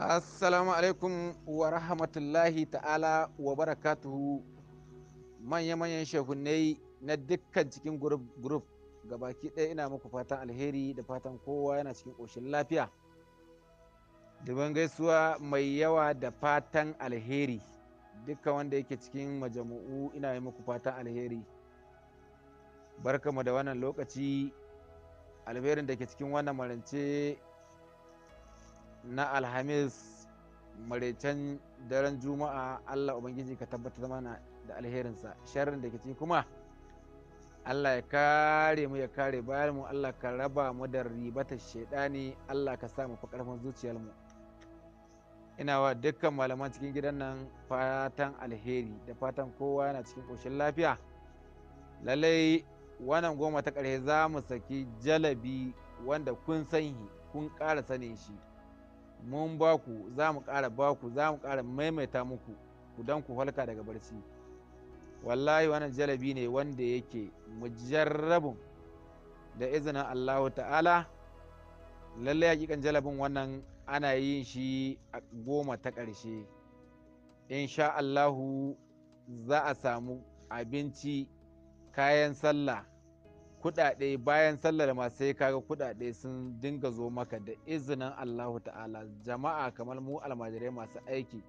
assalamu alaikum wa rahmatullahi ta'ala wa barakatuhu manya-manyan shehunai na dukkan cikin ga baki ɗaya ina muku fatan alheri da fatan kowa yana cikin ƙoshin lafiya duban gaisuwa mai yawa da fatan alheri dukkan wanda yake cikin majamu'u ina yi muku fatan alheri barkamu da wannan lokaci alherin da ke cikin wannan marance na alhamis maraicen daren juma'a allah ubangiji ka tabbatar mana da alherinsa sharrin da ke ci kuma allah ya kare mu ya kare bayan mu allah ka raba mu da ribata shaidani allah ka sa mu fi karfin zuciyar mu ina wa dukkan malaman cikin gidan nan fatan alheri da fatan kowa yana cikin ƙoshin lafiya lallai wannan goma ta ƙarshe za mu saki jalabi wanda kun san kun ƙara sani shi mun ba ku za mu ƙara ba ku za mu ƙara maimaita muku ku dan ku halka daga barci wallahi wannan jalabi ne wanda yake mujarrabun da izinin Allahu ta'ala lalle hakikan jalabin wannan ana yin shi a goma ta ƙarshe insha Allahu za a samu abinci kayan sallah kuɗaɗe bayan sallar ma sai kaga kuɗaɗe sun dinga zo maka da izinin Allahu ta'ala jama'a kamar mu almajirai masu aiki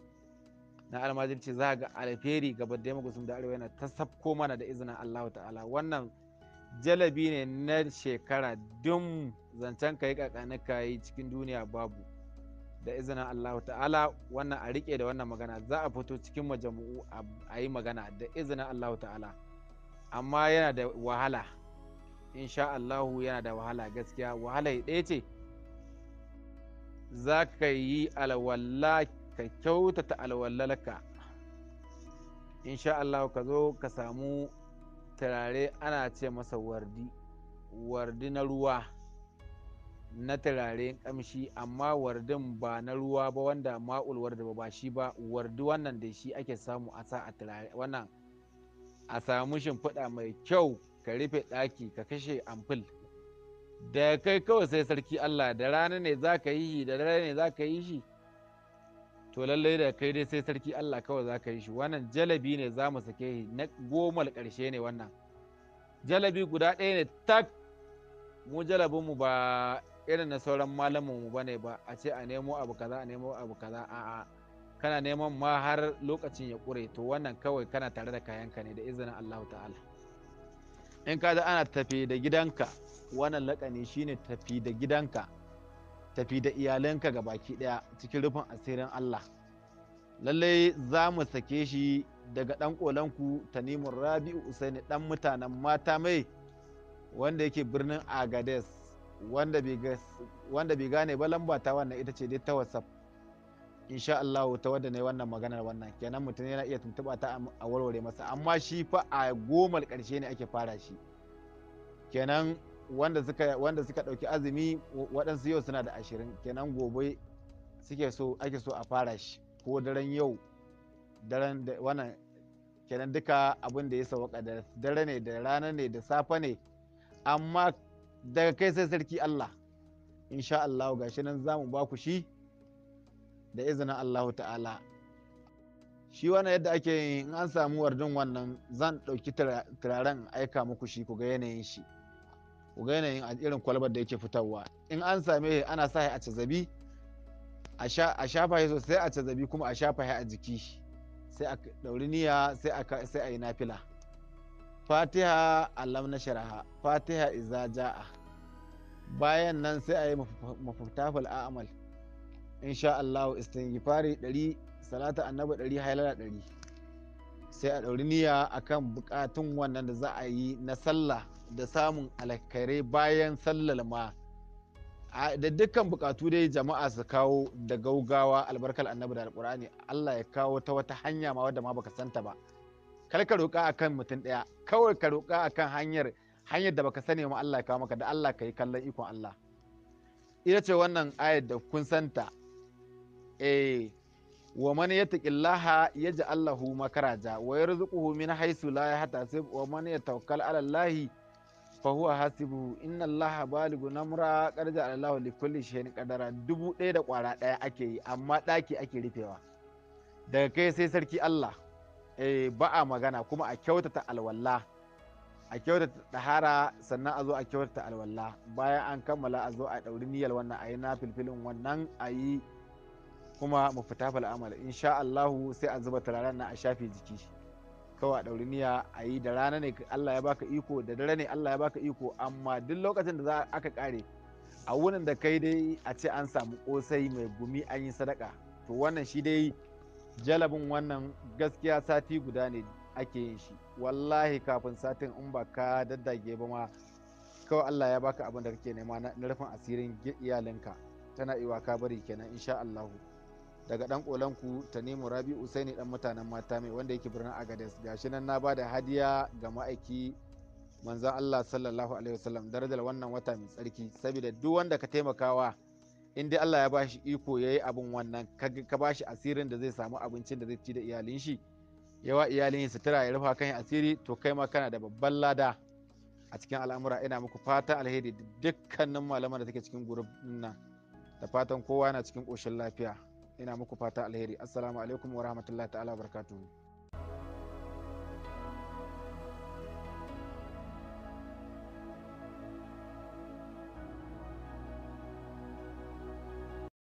na almajirci za ga alferi gaba da yamma da arewa yana ta sabko mana da izinin Allahu ta'ala wannan jalabi ne na shekara dum zancen kai yi kakani cikin duniya babu da izinin Allahu ta'ala wannan a rike da wannan magana za a fito cikin majamu'u a yi magana da izinin Allahu ta'ala amma yana da wahala insha Allahu yana da wahala gaskiya wahala ɗaya ce za ka yi alwala ka kyautata alwallalka insha allahu ka zo ka samu turare ana ce masa wardi wardi na ruwa na turare kamshi amma wardin ba na ruwa ba wanda ma'ul wardi ba shi ba wardi wannan da shi ake samu a sa a turare wannan a samu shimfiɗa mai kyau ka rufe ɗaki ka kashe amfil da kai kawai sai sarki Allah da rana ne za ka yi shi da dare ne za ka yi shi to lallai da kai dai sai sarki Allah kawai za ka yi shi wannan jalabi ne za mu sake shi na gomal ƙarshe ne wannan jalabi guda ɗaya ne tak mu jalabin mu ba irin na sauran malamin mu bane ba a ce a nemo abu kaza a nemo abu kaza a'a kana neman ma har lokacin ya ƙure to wannan kawai kana tare da kayanka ne da izinin Allah ta'ala in ka da ana tafi da gidanka wannan laƙani shine tafi da gidanka tafi da iyalanka ga baki ɗaya cikin rufin asirin Allah lallai za mu sake shi daga ɗan kolanku tanimun rabi'u usaini ɗan mutanen mata mai wanda yake birnin agades wanda bai gane ba lambata wannan ita ce dai ta whatsapp insha Allah ta wadda ne wannan maganar wannan kenan mutum yana iya tuntuɓa ta a warware masa amma shi fa a gomal ƙarshe ne ake fara shi kenan wanda suka wanda suka ɗauki azumi waɗansu yau suna da ashirin kenan gobe suke so ake so a fara shi ko daren yau daren da wannan kenan duka abin da ya sauka da dare ne da rana ne da safe ne amma daga kai sai sarki Allah insha Allah gashi nan zamu ba ku shi da izinin Allah ta'ala shi wani yadda ake yi in an samu wardin wannan zan ɗauki turaren aika muku shi ku ga yanayin shi ku ga yanayin irin kwalbar da yake fitarwa in an same ana sa a cazabi a shafa sosai a cazabi kuma a shafa a jiki sai a ɗauri niyya sai a yi nafila fatiha allam na sharaha fatiha iza ja'a bayan nan sai a yi mafutaful a'amal insha Allah istighfari dari salatu annabi dari halala ɗari sai a ɗauri niyya akan bukatun wannan da za a yi na sallah da samun alakare bayan sallar ma da dukkan bukatu dai jama'a su kawo da gaugawa albarkar annabi da alkur'ani Allah ya kawo ta wata hanya ma wadda ma baka santa ba kar ka roƙa akan mutum ɗaya kawai ka roƙa akan hanyar hanyar da baka sani ma Allah ya kawo maka da Allah ka yi kallon ikon Allah ita ce wannan ayar da kun santa eh wa man yattaqillaha yaj'al lahu makaraja wa yarzuquhu min haythu la yahtasib wa man yatawakkal 'ala Allah fa huwa hasibuhu inna Allah balighu namra qadara Allah li kulli shay'in qadara dubu ɗaya da kwara ɗaya ake yi amma ɗaki ake rufewa daga kai sai sarki Allah eh ba a magana kuma a kyautata alwala a kyautata ɗahara sannan a zo a kyautata alwala bayan an kammala a zo a ɗauri niyyar wannan a yi na filfilin wannan a yi kuma mu fita fal insha Allah sai a zuba turaren na a shafe jiki kawai a dauri niyya a yi da rana ne Allah ya baka iko da dare ne Allah ya baka iko amma duk lokacin da za aka kare a wurin da kai dai a ce an samu kosai mai gumi an yi sadaka to wannan shi dai jalabin wannan gaskiya sati guda ne ake yin shi wallahi kafin satin in ba ka daddage ba ma kawai Allah ya baka abin da kake nema na rufin asirin iyalinka tana iwaka bari kenan insha Allah daga dan kolanku tanimu rabi usaini dan mutanen mata mai wanda yake birnin agades gashi nan na bada hadiya ga ma'aiki manzan allah sallallahu alaihi wasallam darajar wannan wata mai tsarki saboda duk wanda ka taimakawa in dai allah ya bashi iko ya yi abin wannan ka bashi asirin da zai samu abincin da zai ci da iyalin shi yawa iyalin sutura ya rufa kan asiri to kai ma kana da babban lada a cikin al'amura ina muku fata alheri dukkanin malaman da take cikin gurbin nan da fatan kowa yana cikin koshin lafiya ina muku fata alheri assalamu alaikum wa rahmatullahi ta'ala barakatuhu